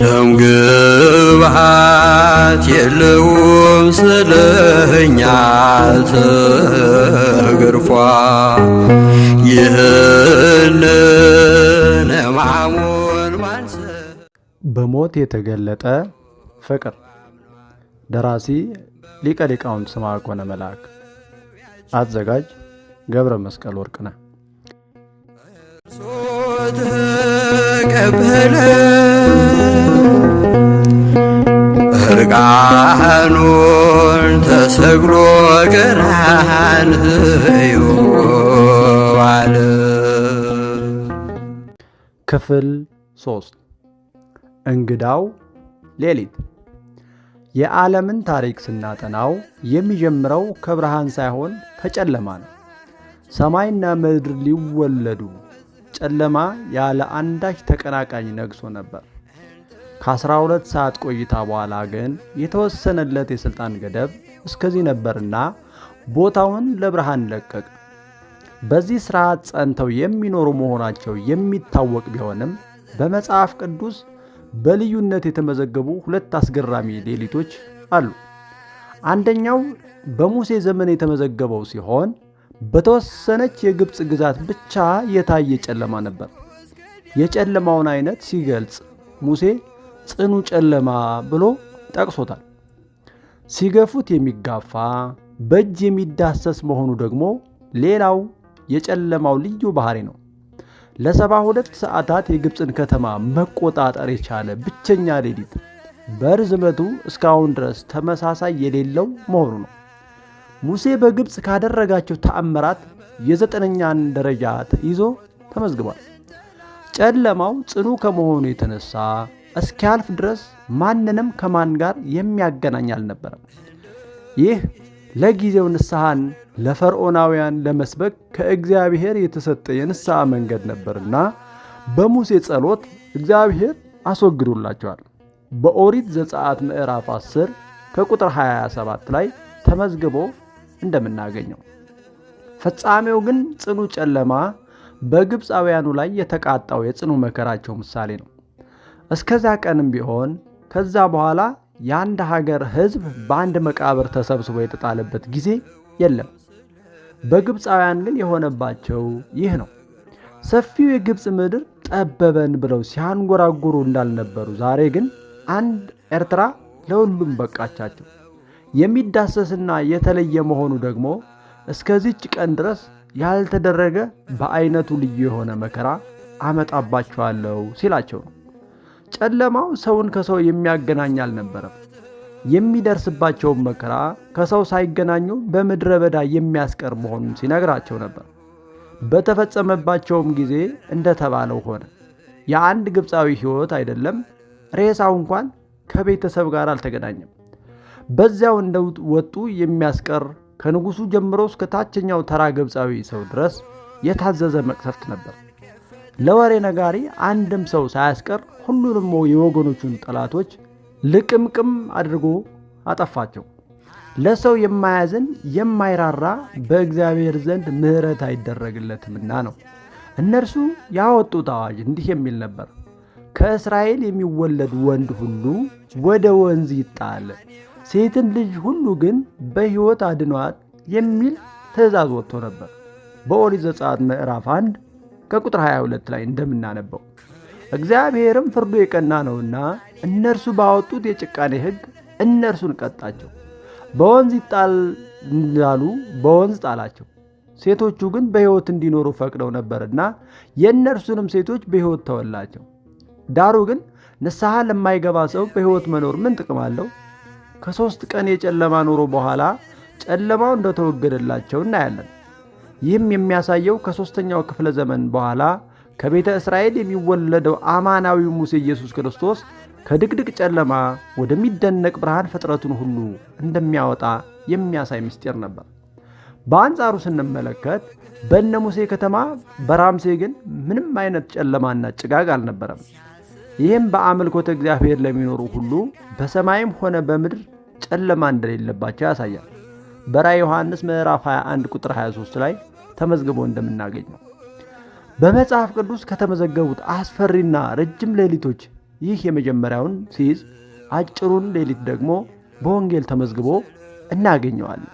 ደምግባት የለውም ስለኛ ተገርፏ ይህንን ማሙን ማንሰ በሞት የተገለጠ ፍቅር ደራሲ ሊቀ ሊቃውንት ስምዐ ኮነ አዘጋጅ ገብረ መስቀል ወርቅ ተቀበለ እርቃኑን ተሰግሎ ገናን ዋለ። ክፍል ሶስት እንግዳው ሌሊት የዓለምን ታሪክ ስናጠናው የሚጀምረው ከብርሃን ሳይሆን ከጨለማ ነው። ሰማይና ምድር ሊወለዱ ጨለማ ያለ አንዳች ተቀናቃኝ ነግሶ ነበር። ከ ከ12 ሰዓት ቆይታ በኋላ ግን የተወሰነለት የሥልጣን ገደብ እስከዚህ ነበርና ቦታውን ለብርሃን ለቀቅ። በዚህ ሥርዓት ጸንተው የሚኖሩ መሆናቸው የሚታወቅ ቢሆንም በመጽሐፍ ቅዱስ በልዩነት የተመዘገቡ ሁለት አስገራሚ ሌሊቶች አሉ። አንደኛው በሙሴ ዘመን የተመዘገበው ሲሆን በተወሰነች የግብፅ ግዛት ብቻ የታየ ጨለማ ነበር። የጨለማውን አይነት ሲገልጽ ሙሴ ጽኑ ጨለማ ብሎ ጠቅሶታል። ሲገፉት የሚጋፋ በእጅ የሚዳሰስ መሆኑ ደግሞ ሌላው የጨለማው ልዩ ባህሪ ነው። ለሰባ ሁለት ሰዓታት የግብፅን ከተማ መቆጣጠር የቻለ ብቸኛ ሌሊት በርዝመቱ እስካሁን ድረስ ተመሳሳይ የሌለው መሆኑ ነው። ሙሴ በግብፅ ካደረጋቸው ተአምራት የዘጠነኛን ደረጃ ይዞ ተመዝግቧል። ጨለማው ጽኑ ከመሆኑ የተነሳ እስኪያልፍ ድረስ ማንንም ከማን ጋር የሚያገናኝ አልነበረም። ይህ ለጊዜው ንስሐን ለፈርዖናውያን ለመስበክ ከእግዚአብሔር የተሰጠ የንስሐ መንገድ ነበርና በሙሴ ጸሎት እግዚአብሔር አስወግዶላቸዋል። በኦሪት ዘጸአት ምዕራፍ 10 ከቁጥር 27 ላይ ተመዝግቦ እንደምናገኘው። ፍጻሜው ግን ጽኑ ጨለማ በግብፃውያኑ ላይ የተቃጣው የጽኑ መከራቸው ምሳሌ ነው። እስከዛ ቀንም ቢሆን ከዛ በኋላ የአንድ ሀገር ሕዝብ በአንድ መቃብር ተሰብስቦ የተጣለበት ጊዜ የለም። በግብፃውያን ግን የሆነባቸው ይህ ነው። ሰፊው የግብፅ ምድር ጠበበን ብለው ሲያንጎራጉሩ እንዳልነበሩ ዛሬ ግን አንድ ኤርትራ ለሁሉም በቃቻቸው። የሚዳሰስና የተለየ መሆኑ ደግሞ እስከዚች ቀን ድረስ ያልተደረገ በአይነቱ ልዩ የሆነ መከራ አመጣባችኋለሁ ሲላቸው ነው። ጨለማው ሰውን ከሰው የሚያገናኝ አልነበረም። የሚደርስባቸውን መከራ ከሰው ሳይገናኙ በምድረ በዳ የሚያስቀር መሆኑን ሲነግራቸው ነበር። በተፈጸመባቸውም ጊዜ እንደተባለው ሆነ። የአንድ ግብፃዊ ሕይወት አይደለም ሬሳው እንኳን ከቤተሰብ ጋር አልተገናኘም። በዚያው እንደወጡ የሚያስቀር ከንጉሱ ጀምሮ እስከ ታችኛው ተራ ግብፃዊ ሰው ድረስ የታዘዘ መቅሰፍት ነበር። ለወሬ ነጋሪ አንድም ሰው ሳያስቀር ሁሉንም የወገኖቹን ጠላቶች ልቅምቅም አድርጎ አጠፋቸው። ለሰው የማያዝን የማይራራ በእግዚአብሔር ዘንድ ምሕረት አይደረግለትምና ነው። እነርሱ ያወጡት አዋጅ እንዲህ የሚል ነበር። ከእስራኤል የሚወለድ ወንድ ሁሉ ወደ ወንዝ ይጣል፣ ሴትን ልጅ ሁሉ ግን በሕይወት አድኗት የሚል ትእዛዝ ወጥቶ ነበር በኦሪት ዘጸአት ምዕራፍ 1 ከቁጥር 22 ላይ እንደምናነበው። እግዚአብሔርም ፍርዱ የቀና ነውና እነርሱ ባወጡት የጭቃኔ ሕግ እነርሱን ቀጣቸው። በወንዝ ይጣል እንዳሉ በወንዝ ጣላቸው። ሴቶቹ ግን በሕይወት እንዲኖሩ ፈቅደው ነበርና የእነርሱንም ሴቶች በሕይወት ተወላቸው። ዳሩ ግን ንስሐ ለማይገባ ሰው በሕይወት መኖር ምን ጥቅም አለው? ከሦስት ቀን የጨለማ ኑሮ በኋላ ጨለማው እንደተወገደላቸው እናያለን። ይህም የሚያሳየው ከሦስተኛው ክፍለ ዘመን በኋላ ከቤተ እስራኤል የሚወለደው አማናዊ ሙሴ ኢየሱስ ክርስቶስ ከድቅድቅ ጨለማ ወደሚደነቅ ብርሃን ፍጥረቱን ሁሉ እንደሚያወጣ የሚያሳይ ምስጢር ነበር። በአንጻሩ ስንመለከት በእነ ሙሴ ከተማ በራምሴ ግን ምንም አይነት ጨለማና ጭጋግ አልነበረም። ይህም በአምልኮተ እግዚአብሔር ለሚኖሩ ሁሉ በሰማይም ሆነ በምድር ጨለማ እንደሌለባቸው ያሳያል። በራ ዮሐንስ ምዕራፍ 21 ቁጥር 23 ላይ ተመዝግቦ እንደምናገኝ ነው። በመጽሐፍ ቅዱስ ከተመዘገቡት አስፈሪና ረጅም ሌሊቶች ይህ የመጀመሪያውን ሲይዝ፣ አጭሩን ሌሊት ደግሞ በወንጌል ተመዝግቦ እናገኘዋለን።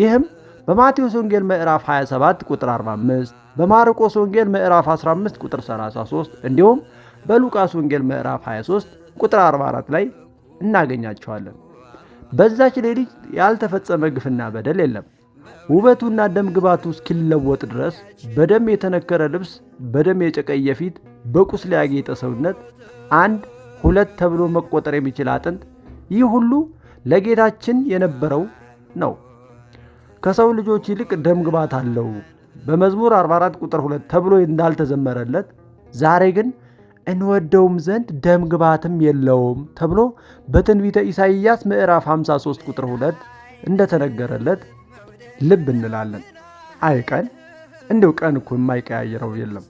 ይህም በማቴዎስ ወንጌል ምዕራፍ 27 ቁጥር 45፣ በማርቆስ ወንጌል ምዕራፍ 15 ቁጥር 33 እንዲሁም በሉቃስ ወንጌል ምዕራፍ 23 ቁጥር 44 ላይ እናገኛቸዋለን። በዛች ሌሊት ያልተፈጸመ ግፍና በደል የለም። ውበቱና ደም ግባቱ እስኪለወጥ ድረስ በደም የተነከረ ልብስ፣ በደም የጨቀየ ፊት፣ በቁስል ያጌጠ ሰውነት፣ አንድ ሁለት ተብሎ መቆጠር የሚችል አጥንት፣ ይህ ሁሉ ለጌታችን የነበረው ነው። ከሰው ልጆች ይልቅ ደም ግባት አለው በመዝሙር 44 ቁጥር 2 ተብሎ እንዳልተዘመረለት ዛሬ ግን እንወደውም ዘንድ ደም ግባትም የለውም ተብሎ በትንቢተ ኢሳይያስ ምዕራፍ 53 ቁጥር 2 እንደተነገረለት ልብ እንላለን። አይ ቀን እንዲሁ ቀን እኮ የማይቀያየረው የለም።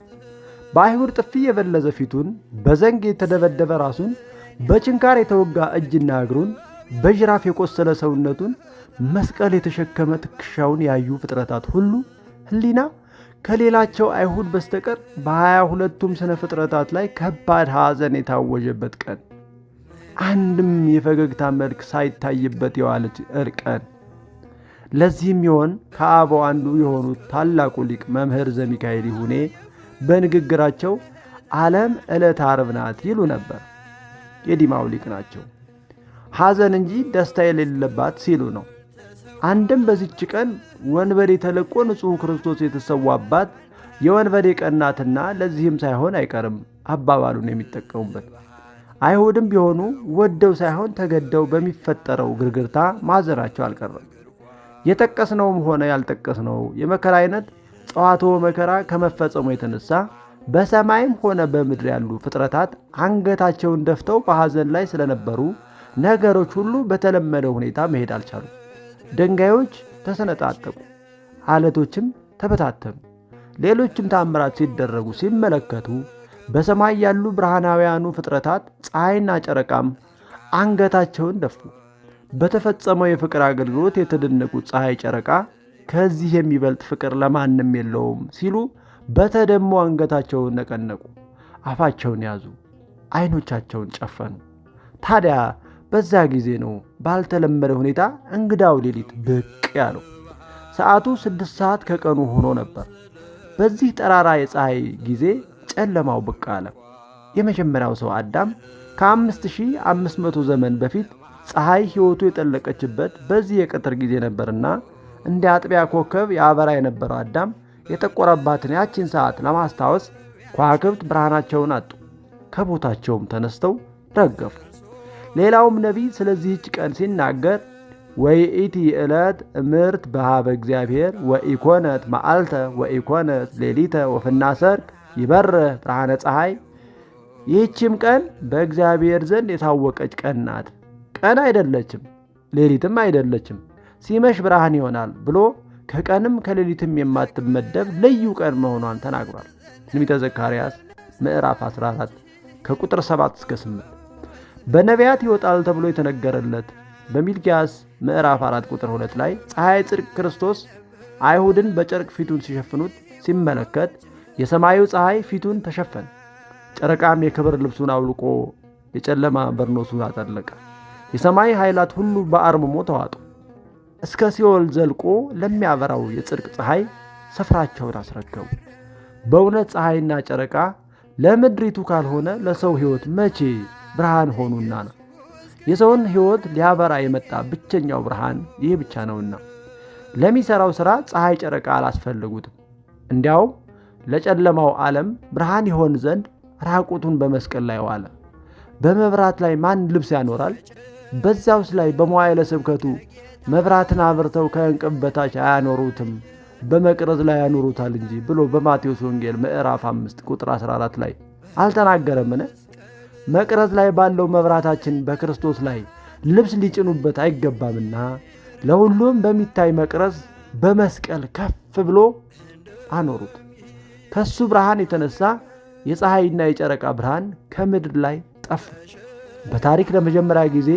በአይሁድ ጥፊ የበለዘ ፊቱን፣ በዘንግ የተደበደበ ራሱን፣ በችንካር የተወጋ እጅና እግሩን፣ በጅራፍ የቆሰለ ሰውነቱን፣ መስቀል የተሸከመ ትከሻውን ያዩ ፍጥረታት ሁሉ ህሊና። ከሌላቸው አይሁድ በስተቀር በሀያ ሁለቱም ሥነ ፍጥረታት ላይ ከባድ ሐዘን የታወጀበት ቀን፣ አንድም የፈገግታ መልክ ሳይታይበት የዋለች እርቀን። ለዚህም ይሆን ከአበው አንዱ የሆኑት ታላቁ ሊቅ መምህር ዘሚካኤል ይሁኔ በንግግራቸው ዓለም ዕለት ዓርብ ናት ይሉ ነበር። የዲማው ሊቅ ናቸው። ሐዘን እንጂ ደስታ የሌለባት ሲሉ ነው። አንድም በዚች ቀን ወንበዴ ተለቆ ንጹሕ ክርስቶስ የተሰዋባት የወንበዴ ቀናትና ለዚህም ሳይሆን አይቀርም አባባሉን የሚጠቀሙበት አይሁድም ቢሆኑ ወደው ሳይሆን ተገደው በሚፈጠረው ግርግርታ ማዘናቸው አልቀረም። የጠቀስነውም ሆነ ያልጠቀስነው የመከራ አይነት ጸዋትወ መከራ ከመፈጸሙ የተነሳ በሰማይም ሆነ በምድር ያሉ ፍጥረታት አንገታቸውን ደፍተው በሐዘን ላይ ስለነበሩ ነገሮች ሁሉ በተለመደው ሁኔታ መሄድ አልቻሉም። ድንጋዮች ተሰነጣጠቁ፣ አለቶችም ተበታተኑ። ሌሎችም ታምራት ሲደረጉ ሲመለከቱ በሰማይ ያሉ ብርሃናውያኑ ፍጥረታት ፀሐይና ጨረቃም አንገታቸውን ደፉ። በተፈጸመው የፍቅር አገልግሎት የተደነቁት ፀሐይ ጨረቃ ከዚህ የሚበልጥ ፍቅር ለማንም የለውም ሲሉ በተደሞ አንገታቸውን ነቀነቁ፣ አፋቸውን ያዙ፣ አይኖቻቸውን ጨፈኑ። ታዲያ በዛ ጊዜ ነው ባልተለመደ ሁኔታ እንግዳው ሌሊት ብቅ ያለው። ሰዓቱ ስድስት ሰዓት ከቀኑ ሆኖ ነበር። በዚህ ጠራራ የፀሐይ ጊዜ ጨለማው ብቅ አለ። የመጀመሪያው ሰው አዳም ከ5500 ዘመን በፊት ፀሐይ ሕይወቱ የጠለቀችበት በዚህ የቀትር ጊዜ ነበርና እንደ አጥቢያ ኮከብ የአበራ የነበረው አዳም የጠቆረባትን ያቺን ሰዓት ለማስታወስ ከዋክብት ብርሃናቸውን አጡ። ከቦታቸውም ተነስተው ረገፉ። ሌላውም ነቢይ ስለዚህች ቀን ሲናገር ወይኢቲ ዕለት እምርት በሃበ እግዚአብሔር ወኢኮነት መዓልተ ወኢኮነት ሌሊተ ወፍናሰርክ ይበርህ ብርሃነ ፀሐይ። ይህችም ቀን በእግዚአብሔር ዘንድ የታወቀች ቀን ናት። ቀን አይደለችም፣ ሌሊትም አይደለችም። ሲመሽ ብርሃን ይሆናል ብሎ ከቀንም ከሌሊትም የማትመደብ ልዩ ቀን መሆኗን ተናግሯል። ትንቢተ ዘካርያስ ምዕራፍ 14 ከቁጥር 7 እስከ 8 በነቢያት ይወጣል ተብሎ የተነገረለት በሚልኪያስ ምዕራፍ 4 ቁጥር 2 ላይ ፀሐይ ጽድቅ ክርስቶስ አይሁድን በጨርቅ ፊቱን ሲሸፍኑት ሲመለከት የሰማዩ ፀሐይ ፊቱን ተሸፈነ፣ ጨረቃም የክብር ልብሱን አውልቆ የጨለማ በርኖሱን አጠለቀ። የሰማይ ኃይላት ሁሉ በአርምሞ ተዋጡ፣ እስከ ሲኦል ዘልቆ ለሚያበራው የጽድቅ ፀሐይ ስፍራቸውን አስረከቡ። በእውነት ፀሐይና ጨረቃ ለምድሪቱ ካልሆነ ለሰው ሕይወት መቼ ብርሃን ሆኑና ነው። የሰውን ሕይወት ሊያበራ የመጣ ብቸኛው ብርሃን ይህ ብቻ ነውና ለሚሠራው ሥራ ፀሐይ፣ ጨረቃ አላስፈልጉትም። እንዲያውም ለጨለማው ዓለም ብርሃን ይሆን ዘንድ ራቁቱን በመስቀል ላይ ዋለ። በመብራት ላይ ማን ልብስ ያኖራል? በዚያውስ ላይ በመዋዕለ ስብከቱ መብራትን አብርተው ከእንቅብ በታች አያኖሩትም በመቅረዝ ላይ ያኖሩታል እንጂ ብሎ በማቴዎስ ወንጌል ምዕራፍ 5 ቁጥር 14 ላይ አልተናገረምን? መቅረዝ ላይ ባለው መብራታችን በክርስቶስ ላይ ልብስ ሊጭኑበት አይገባምና ለሁሉም በሚታይ መቅረዝ በመስቀል ከፍ ብሎ አኖሩት። ከሱ ብርሃን የተነሳ የፀሐይና የጨረቃ ብርሃን ከምድር ላይ ጠፋ። በታሪክ ለመጀመሪያ ጊዜ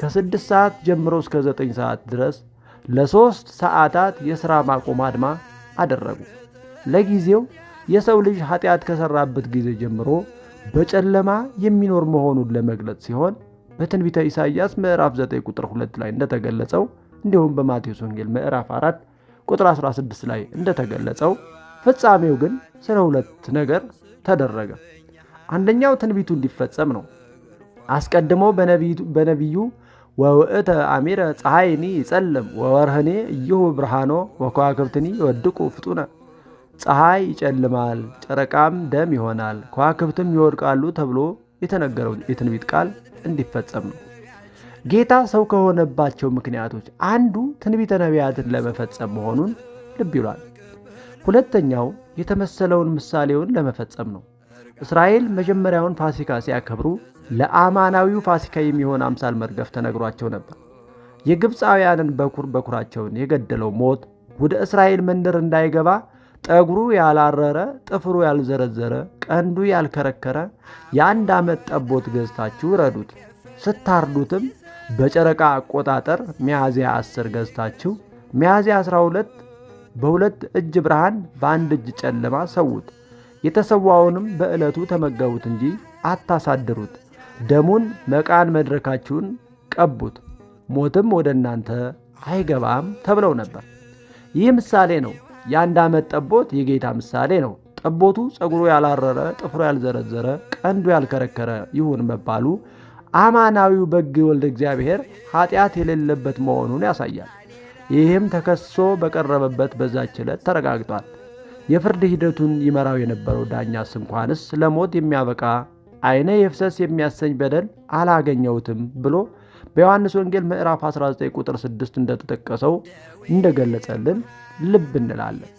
ከስድስት ሰዓት ጀምሮ እስከ ዘጠኝ ሰዓት ድረስ ለሦስት ሰዓታት የሥራ ማቆም አድማ አደረጉ። ለጊዜው የሰው ልጅ ኃጢአት ከሠራበት ጊዜ ጀምሮ በጨለማ የሚኖር መሆኑን ለመግለጽ ሲሆን በትንቢተ ኢሳይያስ ምዕራፍ 9 ቁጥር 2 ላይ እንደተገለጸው እንዲሁም በማቴዎስ ወንጌል ምዕራፍ 4 ቁጥር 16 ላይ እንደተገለጸው ፍጻሜው ግን ስለ ሁለት ነገር ተደረገ። አንደኛው ትንቢቱ እንዲፈጸም ነው። አስቀድሞ በነቢዩ ወውእተ አሚረ ፀሐይኒ ይጸልም ወወርህኔ እይሁ ብርሃኖ ወከዋክብትኒ ይወድቁ ፍጡነ ፀሐይ ይጨልማል፣ ጨረቃም ደም ይሆናል፣ ከዋክብትም ይወድቃሉ ተብሎ የተነገረው የትንቢት ቃል እንዲፈጸም ነው። ጌታ ሰው ከሆነባቸው ምክንያቶች አንዱ ትንቢተ ነቢያትን ለመፈጸም መሆኑን ልብ ይሏል። ሁለተኛው የተመሰለውን ምሳሌውን ለመፈጸም ነው። እስራኤል መጀመሪያውን ፋሲካ ሲያከብሩ ለአማናዊው ፋሲካ የሚሆን አምሳል መርገፍ ተነግሯቸው ነበር። የግብፃውያንን በኩር በኩራቸውን የገደለው ሞት ወደ እስራኤል መንደር እንዳይገባ ጠጉሩ ያላረረ ጥፍሩ ያልዘረዘረ ቀንዱ ያልከረከረ የአንድ ዓመት ጠቦት ገዝታችሁ ረዱት። ስታርዱትም በጨረቃ አቆጣጠር ሚያዝያ 10 ገዝታችሁ ሚያዝያ 12 በሁለት እጅ ብርሃን በአንድ እጅ ጨለማ ሰዉት። የተሰዋውንም በዕለቱ ተመገቡት እንጂ አታሳድሩት። ደሙን መቃን መድረካችሁን ቀቡት፣ ሞትም ወደ እናንተ አይገባም ተብለው ነበር። ይህ ምሳሌ ነው። የአንድ ዓመት ጠቦት የጌታ ምሳሌ ነው። ጠቦቱ ፀጉሩ ያላረረ፣ ጥፍሩ ያልዘረዘረ፣ ቀንዱ ያልከረከረ ይሁን መባሉ አማናዊው በግ ወልደ እግዚአብሔር ኃጢአት የሌለበት መሆኑን ያሳያል። ይህም ተከሶ በቀረበበት በዛች ዕለት ተረጋግጧል። የፍርድ ሂደቱን ይመራው የነበረው ዳኛስ እንኳንስ ለሞት የሚያበቃ ዓይነ የፍሰስ የሚያሰኝ በደል አላገኘሁትም ብሎ በዮሐንስ ወንጌል ምዕራፍ 19 ቁጥር 6 እንደተጠቀሰው እንደገለጸልን ልብ እንላለን።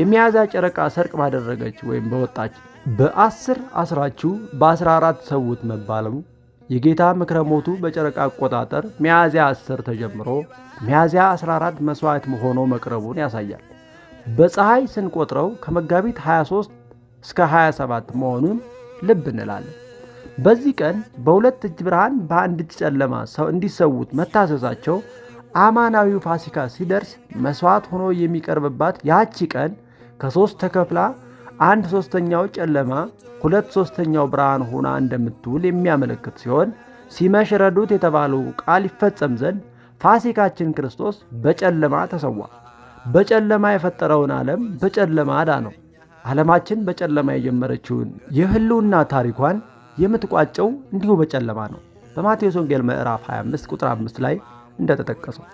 የሚያዝያ ጨረቃ ሰርቅ ባደረገች ወይም በወጣች በአስር አስራችሁ በአስራ አራት ሰውት መባለሙ የጌታ ምክረ ሞቱ በጨረቃ አቆጣጠር ሚያዝያ 10 ተጀምሮ ሚያዝያ 14 መሥዋዕት ሆኖ መቅረቡን ያሳያል። በፀሐይ ስንቆጥረው ከመጋቢት 23 እስከ 27 መሆኑን ልብ እንላለን። በዚህ ቀን በሁለት እጅ ብርሃን በአንድ እጅ ጨለማ እንዲሰውት መታዘዛቸው አማናዊው ፋሲካ ሲደርስ መሥዋዕት ሆኖ የሚቀርብባት ያቺ ቀን ከሦስት ተከፍላ አንድ ሦስተኛው ጨለማ፣ ሁለት ሦስተኛው ብርሃን ሆና እንደምትውል የሚያመለክት ሲሆን ሲመሽ ረዱት የተባለው ቃል ይፈጸም ዘንድ ፋሲካችን ክርስቶስ በጨለማ ተሰዋ። በጨለማ የፈጠረውን ዓለም በጨለማ አዳነው። ዓለማችን በጨለማ የጀመረችውን የህልውና ታሪኳን የምትቋጨው እንዲሁ በጨለማ ነው። በማቴዎስ ወንጌል ምዕራፍ 25 ቁጥር 5 ላይ እንደተጠቀሰው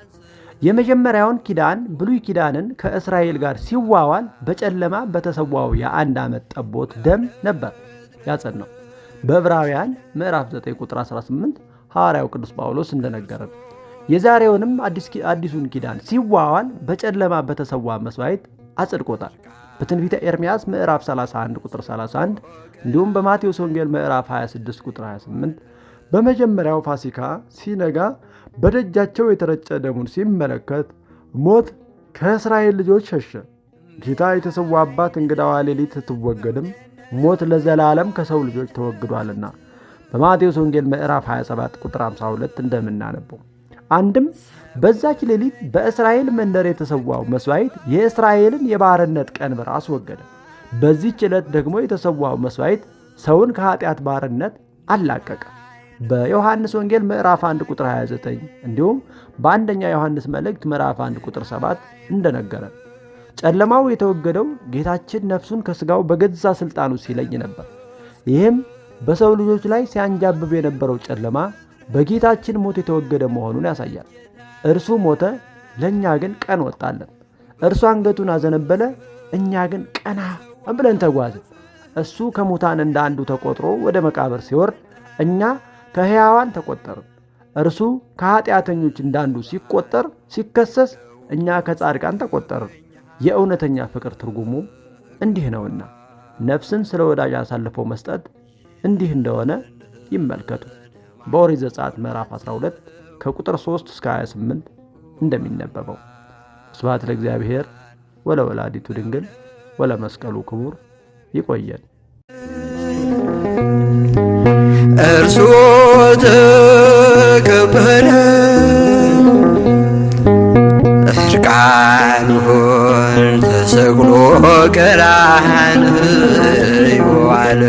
የመጀመሪያውን ኪዳን ብሉይ ኪዳንን ከእስራኤል ጋር ሲዋዋል በጨለማ በተሰዋው የአንድ ዓመት ጠቦት ደም ነበር ያጸናው። በዕብራውያን ምዕራፍ 9 ቁጥር 18 ሐዋርያው ቅዱስ ጳውሎስ እንደነገረን የዛሬውንም አዲሱን ኪዳን ሲዋዋል በጨለማ በተሰዋ መስዋዕት አጽድቆታል። በትንቢተ ኤርምያስ ምዕራፍ 31 ቁጥር 31 እንዲሁም በማቴዎስ ወንጌል ምዕራፍ 26 ቁጥር 28 በመጀመሪያው ፋሲካ ሲነጋ በደጃቸው የተረጨ ደሙን ሲመለከት ሞት ከእስራኤል ልጆች ሸሸ። ጌታ የተሰዋባት እንግዳዋ ሌሊት ስትወገድም ሞት ለዘላለም ከሰው ልጆች ተወግዷልና በማቴዎስ ወንጌል ምዕራፍ 27 ቁጥር 52 እንደምናነበው አንድም በዛች ሌሊት በእስራኤል መንደር የተሰዋው መስዋዕት የእስራኤልን የባርነት ቀንበር አስወገደ። በዚች ዕለት ደግሞ የተሰዋው መስዋዕት ሰውን ከኃጢአት ባርነት አላቀቀ። በዮሐንስ ወንጌል ምዕራፍ 1 ቁጥር 29 እንዲሁም በአንደኛ ዮሐንስ መልእክት ምዕራፍ 1 ቁጥር 7 እንደነገረ ጨለማው የተወገደው ጌታችን ነፍሱን ከሥጋው በገዛ ሥልጣኑ ሲለይ ነበር። ይህም በሰው ልጆች ላይ ሲያንጃብብ የነበረው ጨለማ በጌታችን ሞት የተወገደ መሆኑን ያሳያል። እርሱ ሞተ፣ ለእኛ ግን ቀን ወጣለን። እርሱ አንገቱን አዘነበለ፣ እኛ ግን ቀና ብለን ተጓዝን። እሱ ከሙታን እንደ አንዱ ተቆጥሮ ወደ መቃብር ሲወርድ፣ እኛ ከሕያዋን ተቆጠርን። እርሱ ከኃጢአተኞች እንዳንዱ ሲቆጠር ሲከሰስ፣ እኛ ከጻድቃን ተቆጠርን። የእውነተኛ ፍቅር ትርጉሙ እንዲህ ነውና ነፍስን ስለ ወዳጅ አሳልፎ መስጠት እንዲህ እንደሆነ ይመልከቱ። በኦሪት ዘጸአት ምዕራፍ 12 ከቁጥር 3 እስከ 28 እንደሚነበበው። ስብሐት ለእግዚአብሔር ወለወላዲቱ ድንግል ወለመስቀሉ ክቡር። ይቆየን። እርሱ ተቀበለ እርቃኑን ተሰቅሎ ቀራንዮ ዋለ